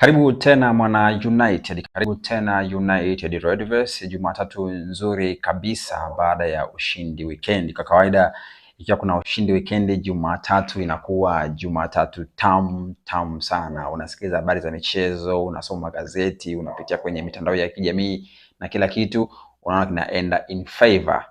Karibu tena mwana United, karibu tena United Redverse. Jumatatu nzuri kabisa baada ya ushindi weekend. Kwa kawaida, ikiwa kuna ushindi weekend, Jumatatu inakuwa Jumatatu tamu tamu sana. Unasikiliza habari za michezo, unasoma gazeti, unapitia kwenye mitandao ya kijamii na kila kitu unaona kinaenda in favor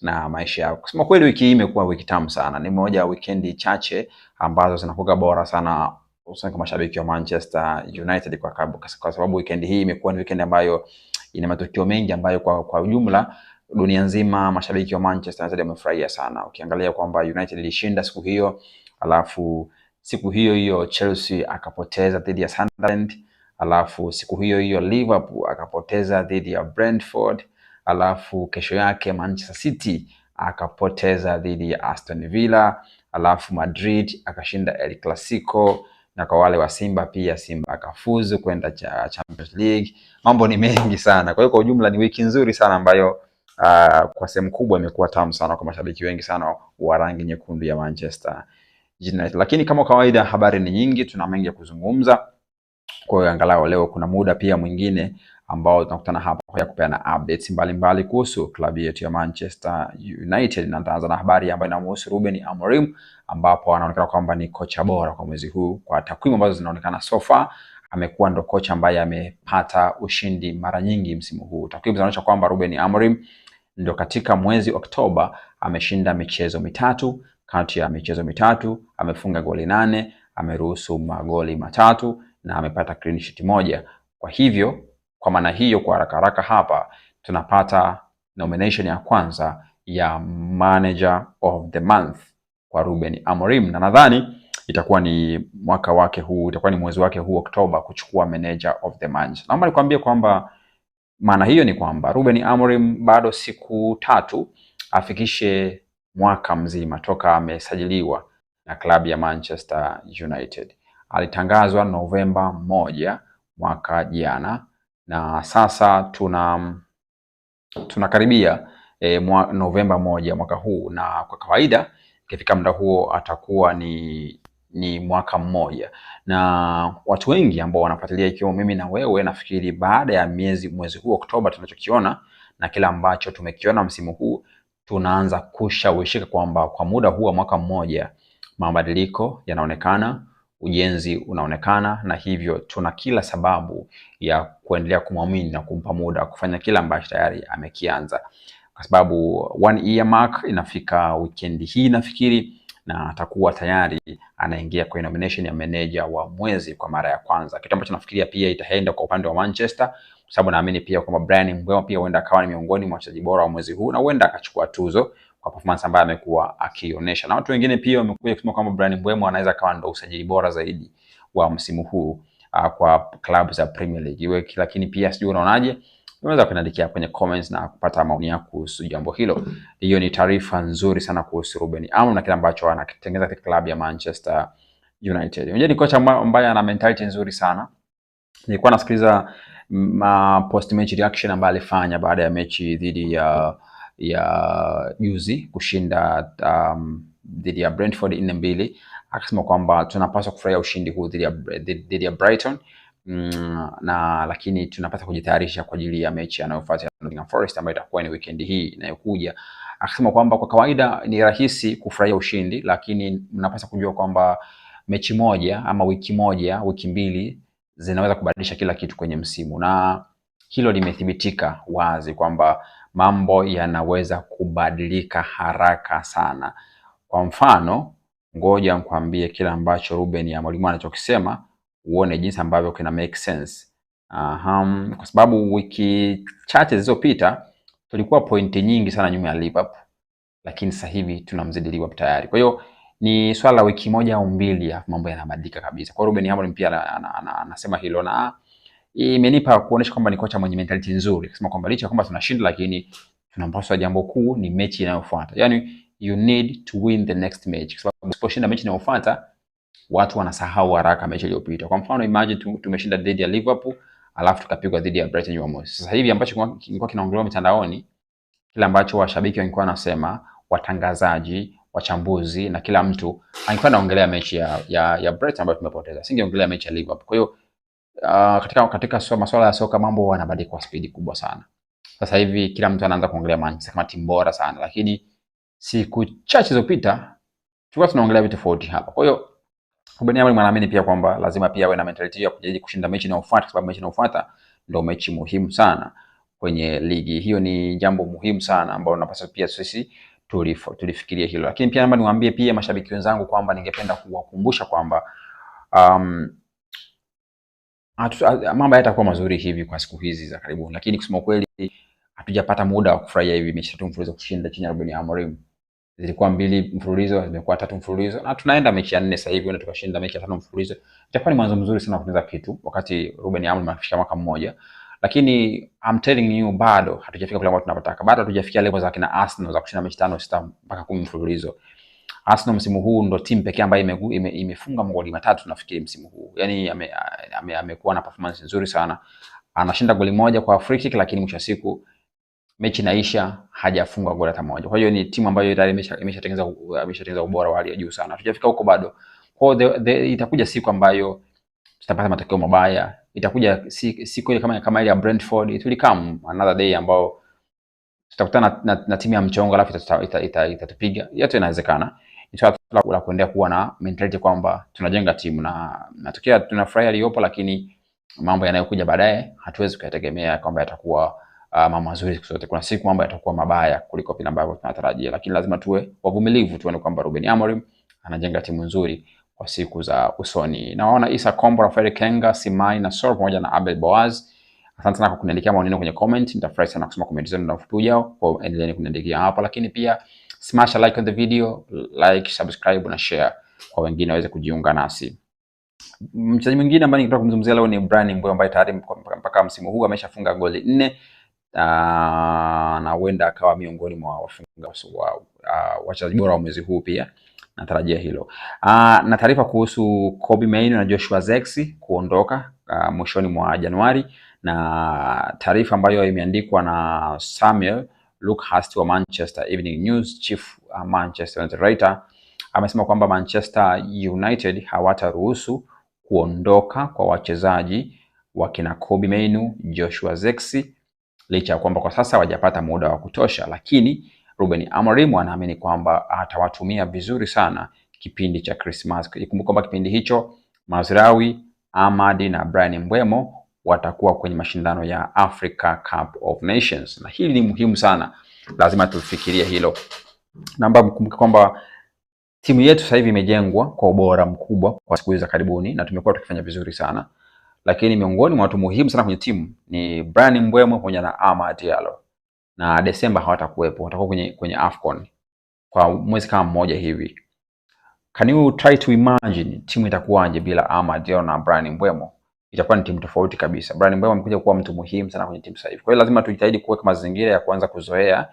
na maisha yako. Kusema kweli, wiki hii imekuwa wiki tamu sana, ni moja ya weekend chache ambazo zinakuwa bora sana hususan kwa mashabiki wa Manchester United kwa, kabu, kwa sababu weekend hii imekuwa ni weekend ambayo ina matukio mengi ambayo kwa, kwa ujumla dunia nzima mashabiki wa Manchester United wamefurahia sana, ukiangalia kwamba United ilishinda siku hiyo, alafu siku hiyo hiyo Chelsea akapoteza dhidi ya Sunderland, alafu siku hiyo hiyo Liverpool akapoteza dhidi ya Brentford, alafu kesho yake Manchester City akapoteza dhidi ya Aston Villa, alafu Madrid akashinda El Clasico na kwa wale wa Simba pia, Simba akafuzu kwenda cha Champions League. Mambo ni mengi sana, kwa hiyo kwa ujumla ni wiki nzuri sana ambayo uh, kwa sehemu kubwa imekuwa tamu sana kwa mashabiki wengi sana wa rangi nyekundu ya Manchester United. Lakini kama kawaida habari ni nyingi, tuna mengi ya kuzungumza, kwa hiyo angalau leo kuna muda pia mwingine ambao tunakutana hapa kwa ya kupeana updates mbalimbali kuhusu klabu yetu ya Manchester United, na tutaanza na habari ambayo inamhusu Ruben Amorim, ambapo anaonekana kwamba ni kocha bora kwa mwezi huu kwa takwimu ambazo zinaonekana so far amekuwa ndo kocha ambaye amepata ushindi mara nyingi msimu huu. Takwimu zinaonyesha kwamba Ruben Amorim ndo katika mwezi Oktoba ameshinda michezo mitatu, kati ya michezo mitatu amefunga goli nane, ameruhusu magoli matatu na amepata clean sheet moja. Kwa hivyo kwa maana hiyo, kwa haraka haraka hapa tunapata nomination ya kwanza ya manager of the month kwa Ruben Amorim, na nadhani itakuwa ni mwaka wake huu, itakuwa ni mwezi wake huu Oktoba kuchukua manager of the month. Naomba nikwambie kwamba maana hiyo ni kwamba Ruben Amorim bado siku tatu afikishe mwaka mzima toka amesajiliwa na klabu ya Manchester United. Alitangazwa Novemba moja mwaka jana na sasa tuna tunakaribia e, mwa, Novemba moja mwaka huu, na kwa kawaida ikifika muda huo atakuwa ni ni mwaka mmoja, na watu wengi ambao wanafuatilia ikiwa mimi na wewe, nafikiri baada ya miezi mwezi huu Oktoba, tunachokiona na kila ambacho tumekiona msimu huu, tunaanza kushawishika kwamba kwa muda huu wa mwaka mmoja mabadiliko yanaonekana ujenzi unaonekana, na hivyo tuna kila sababu ya kuendelea kumwamini na kumpa muda wa kufanya kila ambacho tayari amekianza, kwa sababu one year mark inafika wikendi hii nafikiri, na atakuwa tayari anaingia kwenye nomination ya meneja wa mwezi kwa mara ya kwanza, kitu ambacho nafikiria pia itaenda kwa upande wa Manchester kwa sababu naamini pia kwamba Bryan Mbeumo pia huenda akawa ni miongoni mwa wachezaji bora wa mwezi huu na huenda akachukua tuzo kwa performance ambayo amekuwa akionyesha, na watu wengine pia wamekuja kusema kwamba Bryan Mbeumo anaweza kawa ndo usajili bora zaidi wa msimu huu uh, kwa klabu za Premier League iwe, lakini pia sijui unaonaje? Unaweza kuniandikia kwenye comments na kupata maoni yako kuhusu jambo hilo. Hiyo ni taarifa nzuri sana kuhusu Ruben Amorim na kile ambacho anakitengeneza katika klabu ya Manchester United. Unajua ni kocha ambaye ana mentality nzuri sana. Nilikuwa nasikiliza post match reaction ambayo alifanya baada ya mechi dhidi ya uh, ya juzi kushinda um, dhidi ya Brentford nne mbili, akasema kwamba tunapaswa kufurahia ushindi huu dhidi ya, ya Brighton mm, na lakini tunapaswa kujitayarisha kwa ajili ya mechi anayofuata Nottingham Forest ambayo itakuwa ni weekend hii inayokuja. Akasema kwamba kwa kawaida ni rahisi kufurahia ushindi, lakini mnapaswa kujua kwamba mechi moja ama wiki moja, wiki mbili zinaweza kubadilisha kila kitu kwenye msimu, na hilo limethibitika wazi kwamba mambo yanaweza kubadilika haraka sana. Kwa mfano, ngoja nikwambie kile ambacho Ruben ya mwalimu anachokisema, uone jinsi ambavyo kina make sense. Aha, kwa sababu wiki chache zilizopita tulikuwa pointi nyingi sana nyuma ya Liverpool, lakini sasa hivi tunamzidi Liverpool tayari. Kwa hiyo ni swala la wiki moja au mbili, mambo yanabadilika kabisa. Kwa hiyo Ruben Amorim pia anasema hilo na imenipa kuonesha kwamba ni kocha mwenye mentality nzuri, akasema kwamba licha kwamba tunashinda, lakini tunapaswa, jambo kuu ni mechi inayofuata. Yani you need to win the next match, kwa sababu usiposhinda mechi inayofuata watu wanasahau haraka mechi iliyopita. Kwa mfano, imagine tu, tumeshinda dhidi ya Liverpool alafu tukapigwa dhidi ya Brighton hiyo Jumamosi. Sasa hivi ambacho kilikuwa kinaongelewa mitandaoni, kile ambacho washabiki walikuwa wanasema, watangazaji, wachambuzi na kila mtu alikuwa anaongelea mechi ya ya, ya Brighton ambayo tumepoteza, singeongelea mechi ya Liverpool. Kwa hiyo uh, katika, katika so, masuala ya soka mambo yanabadilika kwa spidi kubwa sana. Sasa hivi kila mtu anaanza kuongelea Manchester kama timu bora sana, lakini siku chache zilizopita tulikuwa tunaongelea vitu tofauti hapa. Kwa hiyo Ruben Amorim anaamini pia kwamba lazima pia awe na mentality ya kujaribu kushinda mechi inayofuata, kwa sababu mechi inayofuata ndio mechi muhimu sana kwenye ligi. Hiyo ni jambo muhimu sana ambalo napaswa pia sisi tulifo, tulifikiria hilo, lakini pia naomba niwaambie pia mashabiki wenzangu kwamba ningependa kuwakumbusha kwamba um, mambo yatakuwa mazuri hivi kwa siku hizi za karibu, lakini kusema kweli hatujapata muda wa kufurahia hivi. Mechi tatu mfululizo kushinda chini ya Ruben Amorim, zilikuwa mbili mfululizo, zimekuwa tatu mfululizo na tunaenda mechi ya nne sasa hivi, na tukashinda mechi ya tano mfululizo. Itakuwa ni mwanzo mzuri sana kutengeneza kitu, wakati Ruben Amorim anafikia mwaka mmoja, lakini I'm telling you, bado hatujafika kule ambapo tunapotaka, bado hatujafikia lengo za kina Arsenal za kushinda mechi tano sita mpaka kumi mfululizo. Arsenal msimu huu ndo timu pekee ambayo imefunga ime, ime magoli matatu nafikiri msimu huu. Yaani amekuwa ame, ame na performance nzuri sana. Anashinda goli moja kwa free kick lakini mwisho siku mechi inaisha hajafunga goli hata moja. Kwa hiyo ni timu ambayo tayari imeshatengeneza imeshatengeneza ubora wa hali ya juu sana. Tujafika huko bado. Kwa hiyo itakuja siku ambayo tutapata matokeo mabaya. Itakuja siku ile kama kama ile ya Brentford, it will come another day ambao tutakutana na, na, na timu ya mchongo alafu itatupiga. ita, ita, ita, ita, Yote inawezekana la kuendelea kuwa na mentality kwamba tunajenga timu na natokea tunafurahia aliyopo, lakini mambo yanayokuja baadaye hatuwezi kuyategemea kwamba yatakuwa uh, mambo mazuri siku zote. Kuna siku mambo yatakuwa mabaya kuliko vile ambavyo tunatarajia, lakini lazima tuwe wavumilivu, tuone kwamba Ruben Amorim anajenga timu nzuri kwa siku za usoni. Naona Isa Kombo, Rafael Kenga, Simai na Sor pamoja na Abel Boaz. Asante sana kwa kuniandikia maoni yenu kwenye comment. Nitafurahi sana kusoma comment zenu na ufupi ujao, kwa endeleeni kuniandikia hapa, lakini pia smash a like on the video, like, subscribe na share kwa wengine waweze kujiunga nasi. Mchezaji mwingine ambaye ningependa kumzungumzia leo ni Bryan Mbeumo ambaye tayari mpaka msimu huu ameshafunga goli nne ah, na huenda akawa miongoni mwa wafunga wa ah, wachezaji bora wa mwezi huu pia natarajia hilo. Aa, ah, na taarifa kuhusu Kobbie Mainoo na Joshua Zexi kuondoka uh, mwishoni mwa Januari na taarifa ambayo imeandikwa na Samuel Luke Hurst wa Manchester Evening News, chief uh, Manchester United writer, amesema kwamba Manchester United hawataruhusu kuondoka kwa wachezaji wa kina Kobbie Mainoo, Joshua Zexi licha ya kwamba kwa sasa wajapata muda wa kutosha, lakini Ruben Amorim anaamini kwamba atawatumia vizuri sana kipindi cha Christmas. Ikumbuke kwamba kipindi hicho Mazraoui, Amadi na brian Mbeumo watakuwa kwenye mashindano ya Africa Cup of Nations, na hili ni muhimu sana, lazima tufikirie hilo. Namba mkumbuke kwamba timu yetu sasa hivi imejengwa kwa ubora mkubwa kwa siku za karibuni, na tumekuwa tukifanya vizuri sana, lakini miongoni mwa watu muhimu sana kwenye timu ni Brian Mbwemo pamoja na Ama Diallo, na Desemba hawatakuwepo, watakuwa kwenye, kwenye Afcon kwa mwezi kama mmoja hivi. Can you try to imagine timu itakuwaje bila Ama Diallo na Brian Mbwemo? itakuwa ni timu tofauti kabisa. Brian Mbeumo amekuja kuwa mtu muhimu sana kwenye timu sasa hivi. Kwa hiyo lazima tujitahidi kuweka mazingira ya kuanza kuzoea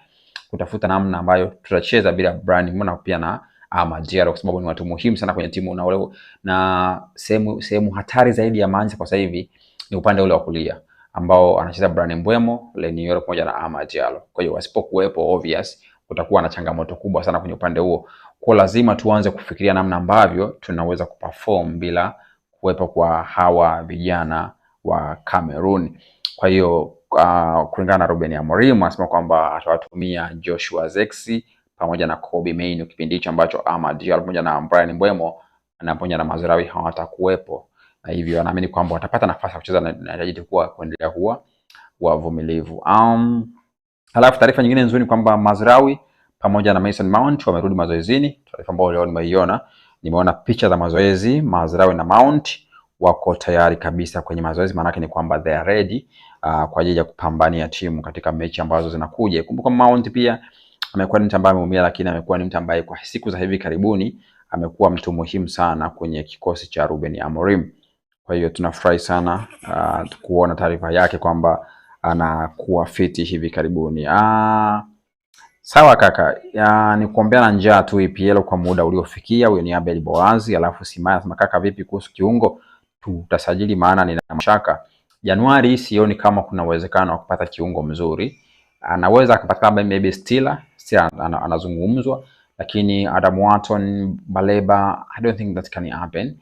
kutafuta namna ambayo tutacheza bila Brian Mbeumo na pia na ama ah, Diarra kwa sababu ni watu muhimu sana kwenye timu na ule na sehemu sehemu hatari zaidi ya Manchester kwa sasa hivi ni upande ule wa kulia ambao anacheza Brian Mbeumo, Leny Yoro pamoja na Ama Diallo. Kwa hiyo wasipokuwepo obvious kutakuwa na changamoto kubwa sana kwenye upande huo. Kwa lazima tuanze kufikiria namna ambavyo tunaweza kuperform bila kuwepo kwa hawa vijana wa Cameroon. Kwa hiyo uh, kulingana na Ruben Amorim anasema kwamba atawatumia Joshua Zexi pamoja na Kobbie Mainoo kipindi hicho ambacho Amad Diallo pamoja na Brian Mbeumo na pamoja na Mazraoui hawatakuwepo, na hivyo anaamini kwamba watapata nafasi ya kucheza na inahitaji kuwa kuendelea kuwa wavumilivu. Um, halafu taarifa nyingine nzuri ni kwamba Mazraoui pamoja na Mason Mount wamerudi mazoezini, taarifa ambayo leo nimeiona Nimeona picha za mazoezi, Mazrawe na Mount wako tayari kabisa kwenye mazoezi, maanake ni kwamba they are ready uh, kwa ajili ya kupambania timu katika mechi ambazo zinakuja. Kumbuka Mount pia amekuwa ni mtu ambaye ameumia, lakini amekuwa ni mtu ambaye kwa siku za hivi karibuni amekuwa mtu muhimu sana kwenye kikosi cha Ruben Amorim. Kwa hiyo tunafurahi sana uh, kuona taarifa yake kwamba anakuwa fiti hivi karibuni. Ah, Sawa kaka, ya, ni kuombea na njaa tu EPL kwa muda uliofikia. Huyo ni Abel Boazi, alafu Simaya anasema kaka, vipi kuhusu kiungo? Tutasajili maana nina mashaka. Januari sioni kama kuna uwezekano wa kupata kiungo mzuri. Anaweza akapatikana maybe Stila, Stila anazungumzwa, lakini Adam Wharton, Baleba, I don't think that can happen.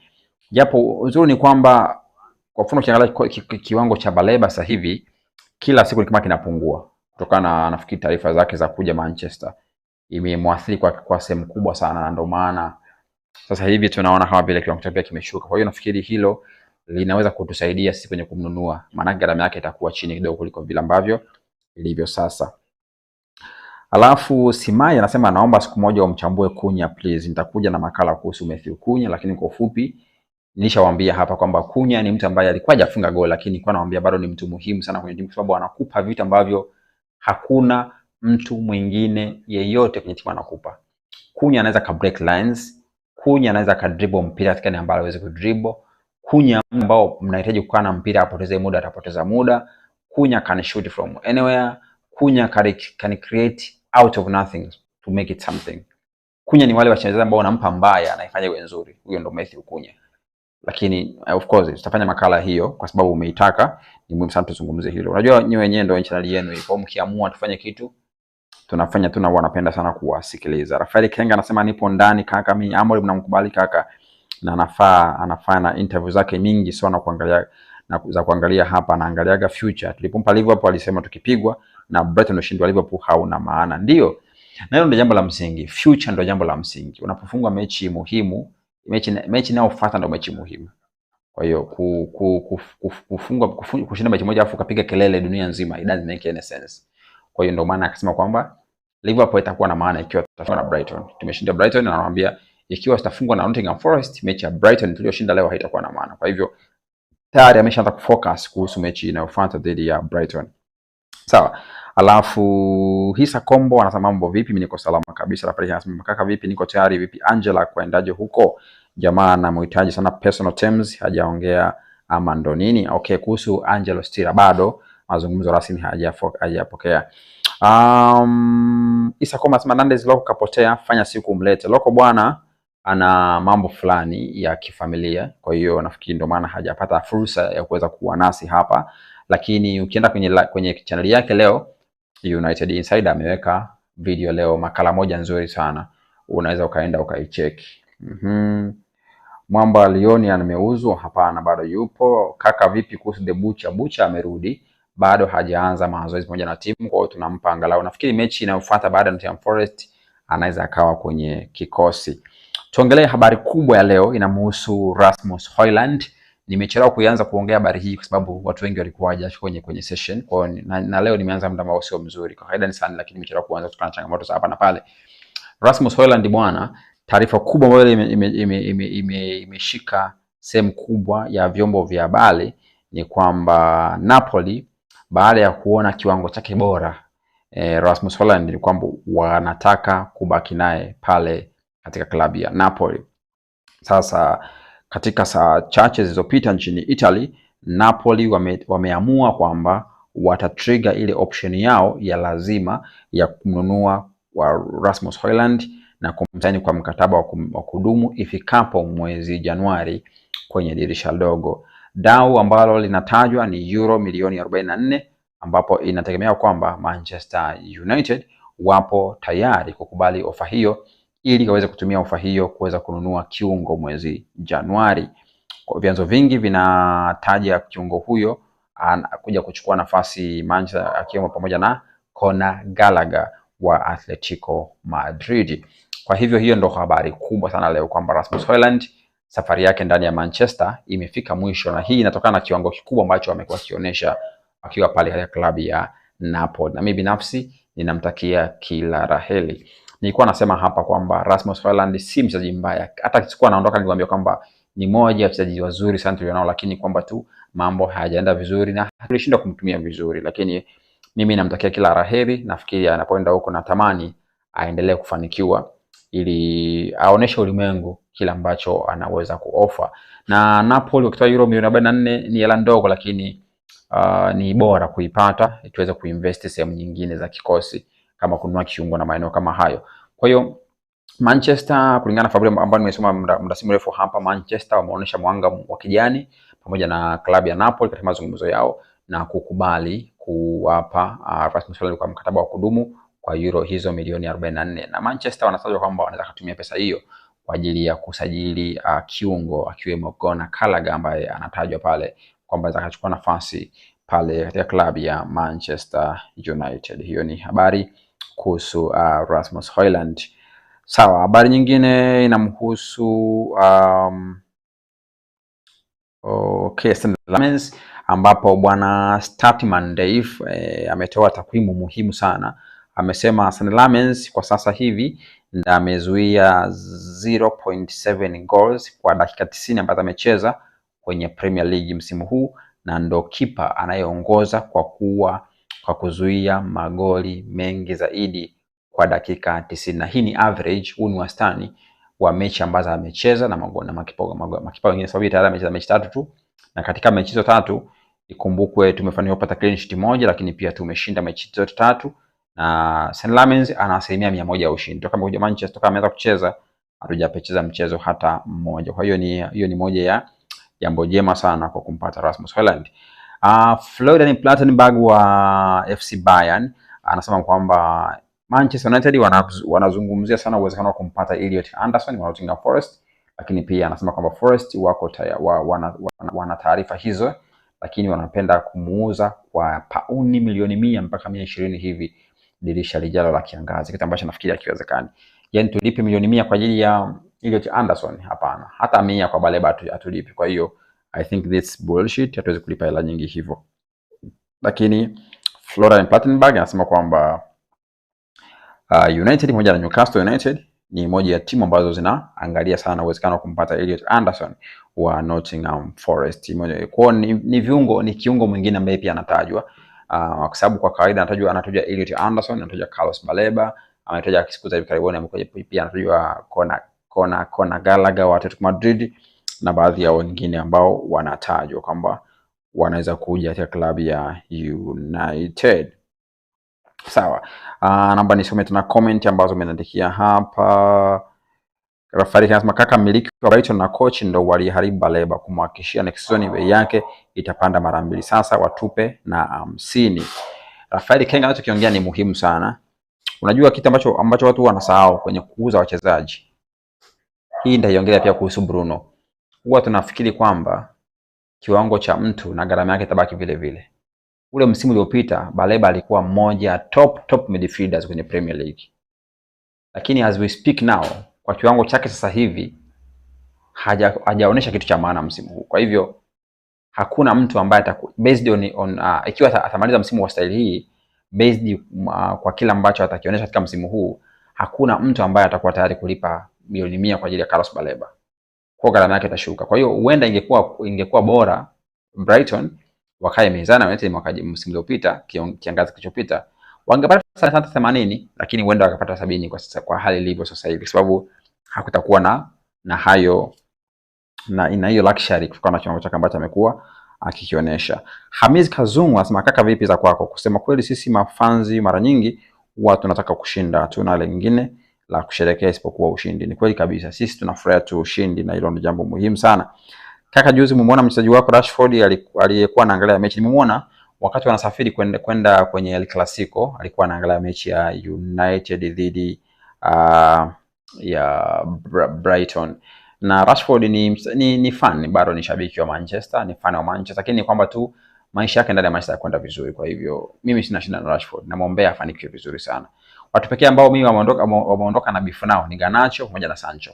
Japo uzuri ni kwamba kwa mfano ukiangalia kiwango cha Baleba sasa hivi kila siku ni kama kinapungua kutokana na nafikiri taarifa zake za kuja Manchester imemwathiri kwa kwa sehemu kubwa sana, na ndio maana sasa hivi tunaona kama vile kiwango chake kimeshuka. Kwa hiyo nafikiri hilo linaweza kutusaidia sisi kwenye kumnunua, maana gharama yake itakuwa chini kidogo kuliko vile ambavyo ilivyo sasa. Alafu Simai anasema naomba siku moja umchambue Kunya please. Nitakuja na makala kuhusu Matthew Kunya, lakini kwa ufupi nishawaambia hapa kwamba Kunya ni mtu ambaye alikuwa hajafunga goal, lakini kwa naambia bado ni mtu muhimu sana kwenye timu kwa sababu anakupa vitu ambavyo hakuna mtu mwingine yeyote kwenye timu anakupa. Kunya anaweza ka break lines, Kunya anaweza ka dribble mpira katika eneo ambalo hawezi dribble, Kunya ambao mnahitaji kukaa na mpira apoteze muda atapoteza muda. Kunya can shoot from anywhere. Kunya can, create out of nothing to make it something. Kunya ni wale wachezaji ambao wanampa mbaya anaifanya iwe nzuri. Huyo ndo Matthew Kunya lakini eh, of course tutafanya makala hiyo kwa sababu umeitaka. Ni muhimu sana tuzungumzie hilo. Unajua nyinyi wenyewe ndio channel yenu ipo, mkiamua tufanye kitu tunafanya tu, na wanapenda sana kuwasikiliza. Rafael Kenga anasema nipo ndani kaka, mimi Amori mnamkubali kaka, na anafaa anafaa na interview zake nyingi na kuangalia na za kuangalia hapa, anaangaliaga future. Tulipompa Liverpool alisema tukipigwa na Brighton ushindi wa Liverpool hauna maana, ndio na hilo ndio jambo la msingi. Future ndio jambo la msingi. Unapofungwa mechi muhimu mechi mechi inayofuata ndo mechi muhimu. Kwa hiyo ku, ku, ku, ku, kufungwa kushinda mechi moja afu ukapiga kelele dunia nzima it doesn't make any sense. Kwa hiyo ndo maana akasema kwamba Liverpool itakuwa na maana ikiwa tutafungwa na Brighton. Tumeshinda Brighton na anamwambia ikiwa tutafungwa na Nottingham Forest, mechi ya Brighton tuliyoshinda leo haitakuwa na maana. Kwa hivyo tayari ameshaanza kufocus kuhusu mechi inayofuata dhidi ya Brighton. Sawa. Alafu Hisa Kombo anasema mambo vipi? Mimi niko salama kabisa. Rafiki anasema kaka, vipi? Niko tayari. Vipi Angela, kuendaje huko? Jamaa anamhitaji sana personal terms, hajaongea ama ndo nini? Okay, kuhusu Angelo Stira bado mazungumzo rasmi hajapokea. Um, Isa Kombo anasema Nandes Loko kapotea, fanya siku umlete Loko bwana ana mambo fulani ya kifamilia, kwa hiyo nafikiri ndio maana hajapata fursa ya kuweza kuwa nasi hapa lakini ukienda kwenye, kwenye channel yake leo United Insider ameweka video leo, makala moja nzuri sana, unaweza ukaenda ukaicheki. mm -hmm. Mwamba Lioni ameuzwa? Hapana, bado yupo. Kaka, vipi kuhusu the Bucha? Bucha amerudi, bado hajaanza mazoezi pamoja na timu, kwa hiyo tunampa angalau, nafikiri mechi inayofuata baada ya Nottingham Forest anaweza akawa kwenye kikosi. Tuongelee habari kubwa ya leo, inamhusu Rasmus Hojlund Nimechelewa kuanza kuongea habari hii kwa sababu watu wengi walikuwa hawajafika kwenye kwenye session kwa na, na leo nimeanza muda ambao sio mzuri kwa kawaida ni sana, lakini nimechelewa kuanza kutokana na changamoto za hapa na pale. Rasmus Hojlund bwana, taarifa kubwa ambayo imeshika ime, ime, ime, ime sehemu kubwa ya vyombo vya habari ni kwamba Napoli baada ya kuona kiwango chake bora eh, Rasmus Hojlund ni kwamba wanataka kubaki naye pale katika klabu ya Napoli sasa katika saa chache zilizopita nchini Italy, Napoli wame, wameamua kwamba watatrigger ile option yao ya lazima ya kumnunua wa Rasmus Hojlund na kumsaini kwa mkataba wa kudumu ifikapo mwezi Januari kwenye dirisha dogo. Dau ambalo linatajwa ni euro milioni 44, ambapo inategemea kwamba Manchester United wapo tayari kukubali ofa hiyo ili kaweze kutumia ofa hiyo kuweza kununua kiungo mwezi Januari. Kwa vyanzo vingi vinataja kiungo huyo anakuja kuchukua nafasi Manchester, akiwa pamoja na Conor Gallagher wa Atletico Madrid. Kwa hivyo hiyo ndo habari kubwa sana leo kwamba Rasmus Hojlund safari yake ndani ya Manchester imefika mwisho, na hii inatokana na kiwango kikubwa ambacho amekuwa akionyesha akiwa pale katika klabu ya Napoli, na mimi binafsi ninamtakia kila raheli. Nilikuwa nasema hapa kwamba Rasmus Hojlund si mchezaji mbaya, hata sikuwa naondoka, ningewaambia kwamba ni moja ya wachezaji wazuri sana tulionao, lakini kwamba tu mambo hayajaenda vizuri na tulishindwa kumtumia vizuri, lakini mimi namtakia kila raheri. Nafikiri anapoenda huko, natamani aendelee kufanikiwa ili aoneshe ulimwengu kila ambacho anaweza kuofa. Na Napoli wakitoa euro milioni arobaini na nne ni hela ndogo, lakini uh, ni bora kuipata tuweze kuinvest sehemu nyingine za kikosi kama kununua kiungo na maeneo kama hayo. Kwa hiyo Manchester kulingana na Fabio ambayo nimesoma muda si mrefu hapa, Manchester wameonyesha mwanga wa kijani pamoja na klabu ya Napoli katika mazungumzo yao na kukubali kuwapa uh, Rasmus Hojlund kwa mkataba wa kudumu kwa euro hizo milioni 44 na Manchester wanasema kwamba wanaweza kutumia pesa hiyo kwa ajili ya kusajili uh, kiungo akiwemo Conor Gallagher ambaye anatajwa pale kwamba atakachukua nafasi pale katika klabu ya Manchester United. Hiyo ni habari kuhusu uh, Rasmus Hojlund. Sawa, habari nyingine inamhusu um, okay, ambapo bwana Statman Dave eh, ametoa takwimu muhimu sana. Amesema Sunday kwa sasa hivi ndio amezuia 0.7 goals kwa dakika 90 ambazo amecheza kwenye Premier League msimu huu na ndo kipa anayeongoza kwa kuwa kwa kuzuia magoli mengi zaidi kwa dakika tisini na hii ni average, huu ni wastani wa mechi ambazo amecheza na makipa wengine, sababu tayari amecheza mechi tatu tu, na katika mechi hizo tatu ikumbukwe, tumefanikiwa kupata clean sheet moja, lakini pia tumeshinda mechi zote tatu, na St. Lawrence ana asilimia mia moja ya ushindi toka amekuja Manchester, toka ameanza kucheza hatujapecheza mchezo hata mmoja. Kwa hiyo ni hiyo ni moja ya jambo jema sana kwa kumpata Rasmus Hojlund. Uh, Florian Plettenberg wa FC Bayern anasema kwamba Manchester United wanazungumzia sana uwezekano wa kumpata Elliot Anderson wa Nottingham Forest, lakini pia anasema kwamba Forest wako tayari wa, wana, wana, wana taarifa hizo, lakini wanapenda kumuuza kwa pauni milioni mia mpaka mia ishirini hivi dirisha lijalo la kiangazi, kitu ambacho nafikiri hakiwezekani. Yaani tulipe milioni mia kwa ajili ya Elliot Anderson? Hapana, hata mia kwa Baleba hatulipi. Kwa hiyo I think this bullshit, hatuwezi kulipa hela nyingi hivyo. Lakini Florian Plettenberg anasema kwamba uh, United moja na Newcastle United ni moja ya timu ambazo zinaangalia sana uwezekano wa kumpata Elliot Anderson wa Nottingham Forest. Kwa ni, ni viungo ni kiungo mwingine ambaye pia anatajwa uh, kwa sababu kwa kawaida anatajwa anatajwa Elliot Anderson, anatajwa Carlos Baleba, ametajwa siku za hivi karibuni amekuja pia anatajwa Conor Conor Conor Gallagher wa Atletico Madrid na baadhi ya wengine ambao wanatajwa kwamba wanaweza kuja katika klabu ya United. Sawa. Uh, naomba nisome tena comment ambazo umeandikia hapa. Rafari anasema kaka, mmiliki wa Brighton na coach ndo waliharibu Baleba, kumhakikishia next season bei yake itapanda mara mbili, sasa watupe na hamsini. Um, Rafael Kenga anachokiongea ni muhimu sana. Unajua kitu ambacho ambacho watu wanasahau kwenye kuuza wachezaji. Hii ndio iongelea pia kuhusu Bruno huwa tunafikiri kwamba kiwango cha mtu na gharama yake itabaki vile vile. Ule msimu uliopita Baleba alikuwa mmoja top top midfielders kwenye Premier League, lakini as we speak now, kwa kiwango chake sasa hivi haja hajaonyesha kitu cha maana msimu huu. Kwa hivyo hakuna mtu ambaye ataku based on, on uh, ikiwa atamaliza msimu wa staili hii based uh, kwa kila ambacho atakionyesha katika msimu huu, hakuna mtu ambaye atakuwa tayari kulipa milioni mia kwa ajili ya Carlos Baleba kwa gharama yake itashuka. Kwa hiyo huenda ingekuwa ingekuwa bora Brighton wakae mezana na United mwaka msimu uliopita, kiangazi kilichopita wangepata sana sana themanini, lakini huenda wakapata sabini kwa sasa, kwa hali ilivyo sasa hivi, kwa sababu hakutakuwa na na hayo na ina hiyo luxury kutokana na kiwango chake ambacho amekuwa akikionyesha. Hamiz Kazungu anasema kaka, vipi za kwako? Kusema kweli, sisi mafanzi mara nyingi huwa tunataka kushinda, hatuna lingine la kusherekea isipokuwa ushindi. Ni kweli kabisa, sisi tunafurahia tu ushindi na hilo ni jambo muhimu sana. Kaka, juzi mmemwona mchezaji wako Rashford aliyekuwa anaangalia mechi, nimemwona wakati wanasafiri kwenda kwenda kwenye El Clasico, alikuwa anaangalia mechi ya United dhidi uh, ya Brighton na Rashford ni, ni, ni fan bado ni shabiki wa Manchester, ni fan wa Manchester, lakini ni kwamba tu maisha yake ndani ya Manchester yakwenda vizuri. Kwa hivyo mimi sina shida na Rashford, namwombea afanikiwe vizuri sana. Watu pekee ambao mimi wameondoka wameondoka na bifu nao ni Garnacho pamoja na Sancho.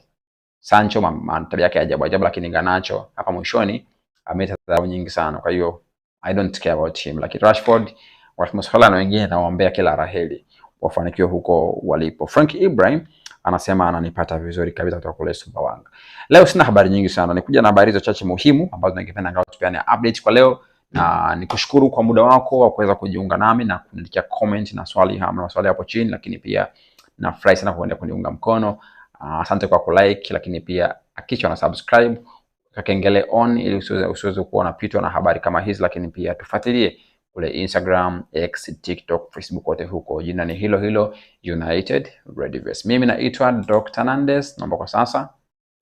Sancho tabia yake ajabu ajabu, lakini Garnacho hapa mwishoni ameleta dhabu nyingi sana. Kwa hiyo I don't care about him, lakini Rashford, Rasmus Hojlund na wengine nawaombea kila raheli wafanikiwe huko walipo. Frank Ibrahim anasema ananipata vizuri kabisa kutoka kule Sumbawanga. Leo sina habari nyingi sana, nikuja na habari hizo chache muhimu ambazo ningependa ngao tupeane update kwa leo na nikushukuru kwa muda wako wa kuweza kujiunga nami na kuniandikia comment na swali ama maswali hapo chini, lakini pia nafurahi sana kuendelea kuniunga mkono. Asante uh, kwa kulike, lakini pia akicha na subscribe ka kengele on ili usiweze kuwa unapitwa na habari kama hizi, lakini pia tufuatilie kule Instagram, X, TikTok, Facebook, wote huko jina ni hilo hilo United Redverse. Mimi naitwa Dr. Nandes, naomba kwa sasa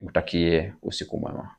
nikutakie usiku mwema.